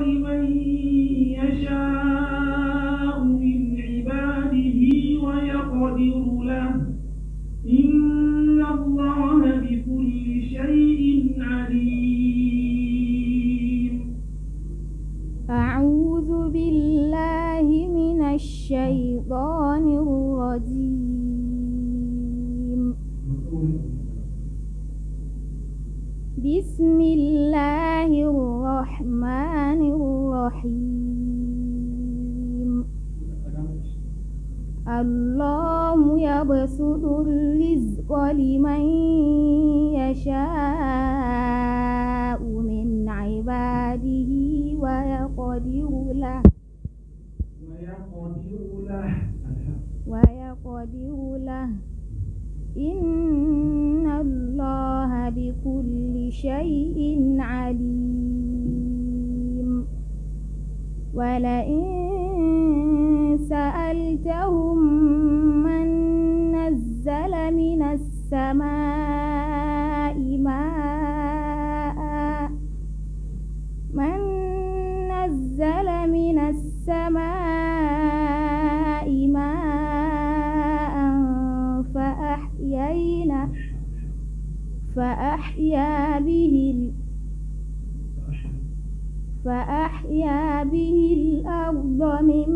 لمن يشاء من عباده ويقدر له إن الله بكل شيء عليم أعوذ بالله من الشيطان الرجيم بسم الله الرحمن الرحيم الله يبسط الرزق لمن يشاء من عباده ويقدر له ويقدر له ويقدر له إن الله بكل شيء عليم ولئن سألتهم من نزل من السماء فأحيا به الأرض من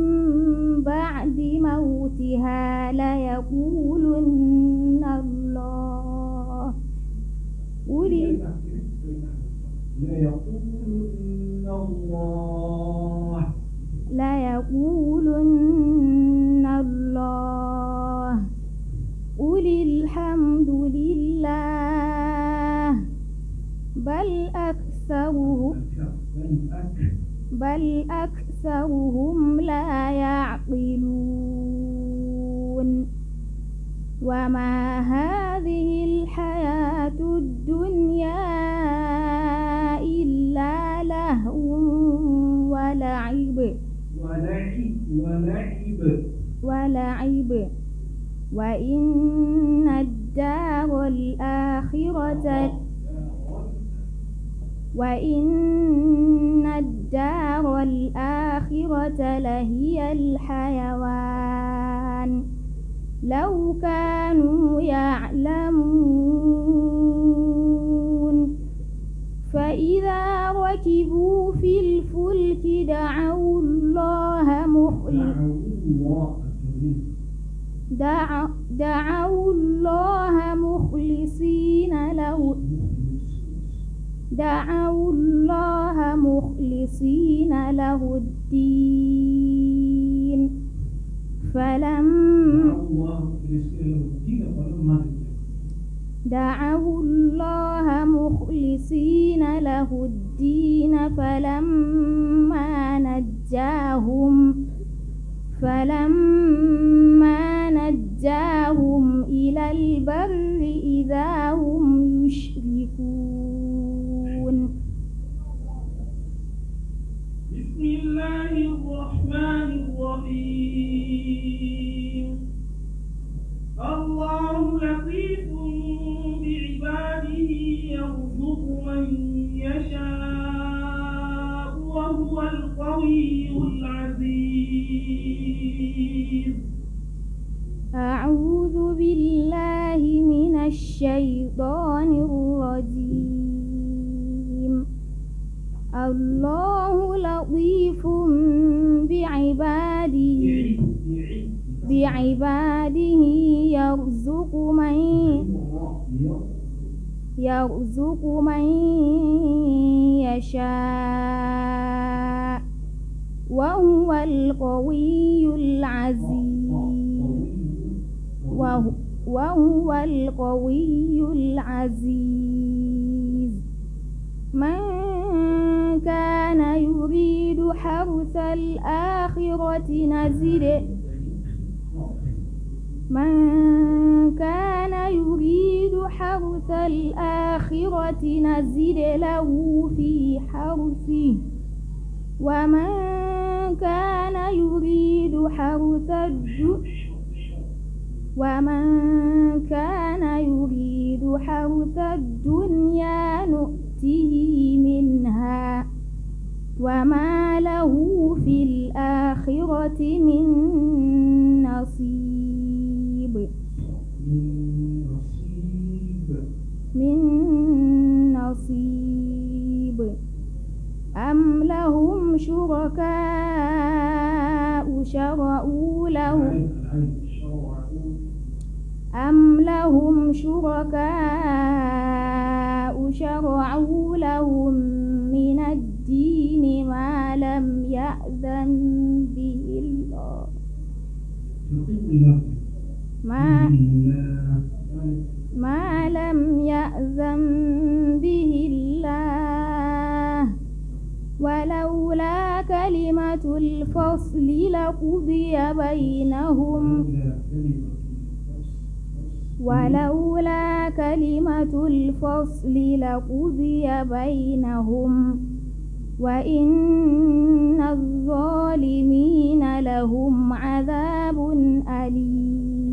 بعد موتها ليقولن الله قل ليقولن الله بل أكثرهم لا يعقلون وما هذه الحياة الدنيا إلا لهو ولعب ولعب ولعب ولعب وإن الدار الآخرة وإن الدار الآخرة لهي الحيوان لو كانوا يعلمون فإذا ركبوا في الفلك دعوا الله مخلصين دعوا الله مخلصين له دعوا الله مخلصين له الدين فلم دعوا الله مخلصين له الدين فلما نجاهم فلما نجاهم إلى البر إذا هم يشركون الرحمن الرحيم الله لطيف بعباده يرزق من يشاء وهو القوي العزيز أعوذ بالله من الشيطان الرجيم الله لطيف بعباده يرزق من يرزق من يشاء وهو القوي العزيز وهو, القوي العزيز من كان يريد حرث الآخرة نزله من كان يريد حرث الآخرة نزد له في حرثه ومن كان يريد حرث الدنيا ومن كان يريد حرث الدنيا نؤته منها وما له في الآخرة من نصيب من نصيب من نصيب أم لهم شركاء شرعوا لهم أم لهم شركاء شرعوا لهم من الدين ما لم يأذن به الله ما ما لم يأذن به الله ولولا كلمة الفصل لقضي بينهم ولولا كلمة الفصل لقضي بينهم وإن الظالمين لهم عذاب أليم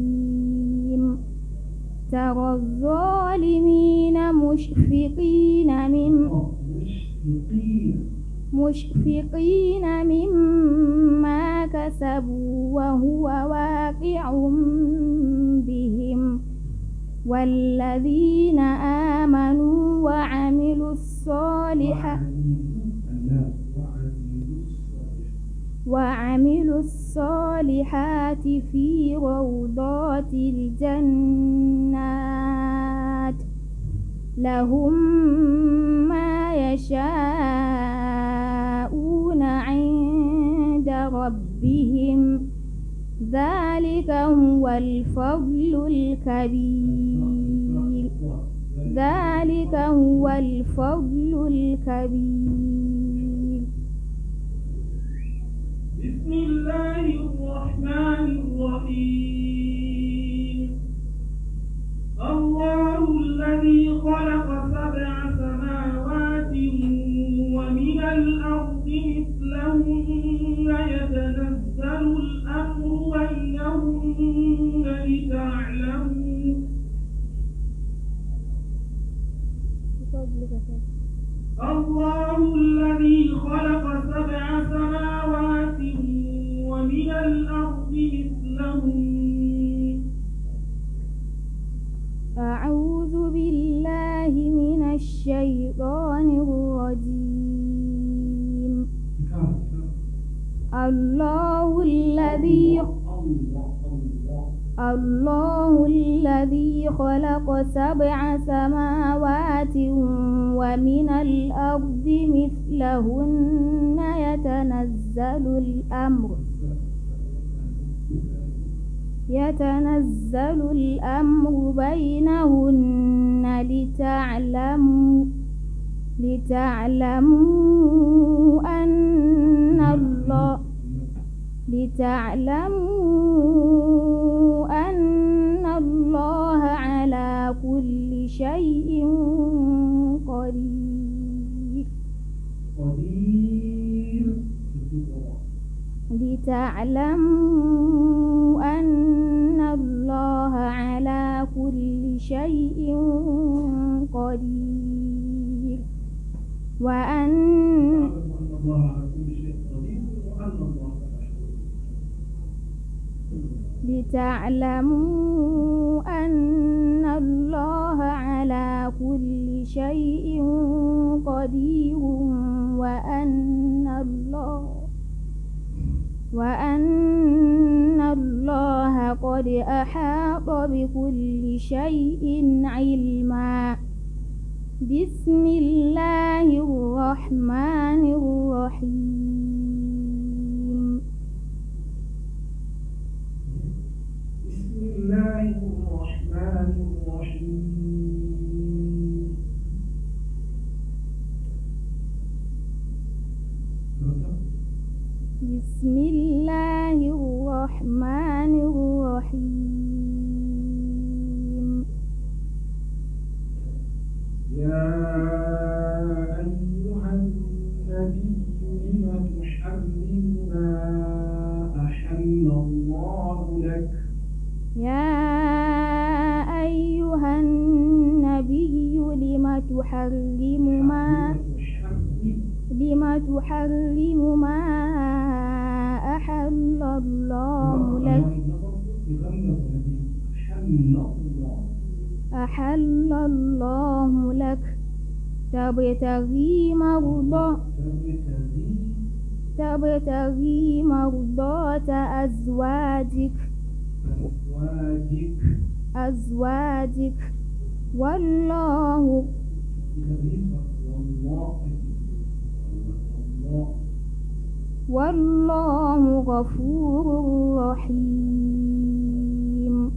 ترى الظالمين مشفقين من مشفقين مما كسبوا وهو واقع بهم والذين آمنوا وعملوا الصالحات وعملوا الصالحات في روضات الجنات لهم ما يشاءون عند ربهم ذلك هو الفضل الكبير ذلك هو الفضل الكبير بسم الله الرحمن الرحيم الله الذي خلق الشيطان الرجيم الله الذي الله الذي خلق سبع سماوات ومن الأرض مثلهن يتنزل الأمر يتنزل الأمر بينهن لتعلموا لتعلموا أن الله لتعلموا أن الله على كل شيء قدير لتعلموا أن الله على كل شيء قدير وأن لتعلموا أن الله على كل شيء قدير وأن الله وأن الله قد أحاط بكل شيء علما بسم الله الرحمن الرحيم بسم الله الرحمن الرحيم يا أيها النبي لم تحرم ما أحل الله لك يا أيها النبي لم تحرم ما لم تحرم ما حل الله لك أحل الله لك تبتغي مرضى تبتغي مرضاة أزواجك أزواجك والله والله والله غفور رحيم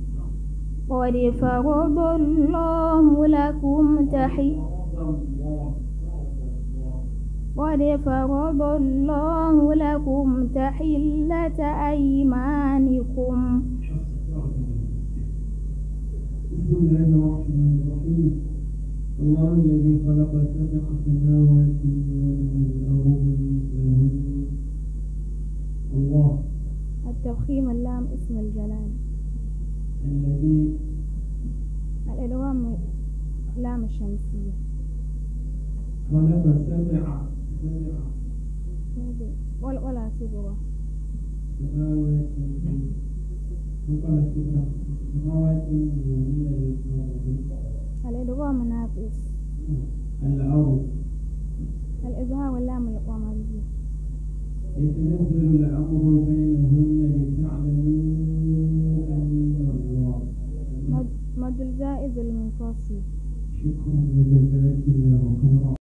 قد فرض الله لكم تحية قد فرض الله لكم تحلة أيمانكم بسم الله الرحمن الرحيم الله الذي خلق سبع سماوات والأرض من اللام اسم الجلال الذي الإدغام لام الشمسية طلب سمع سمع ولا صبرة تساوت وقالت تساوت من الإدغام ناقص الأرض الإزهار واللام القمرية يتنزل الأمر بينهن لتعلموا أن الله مد الزائد المنفصل شكرا لجزاك الله خيرا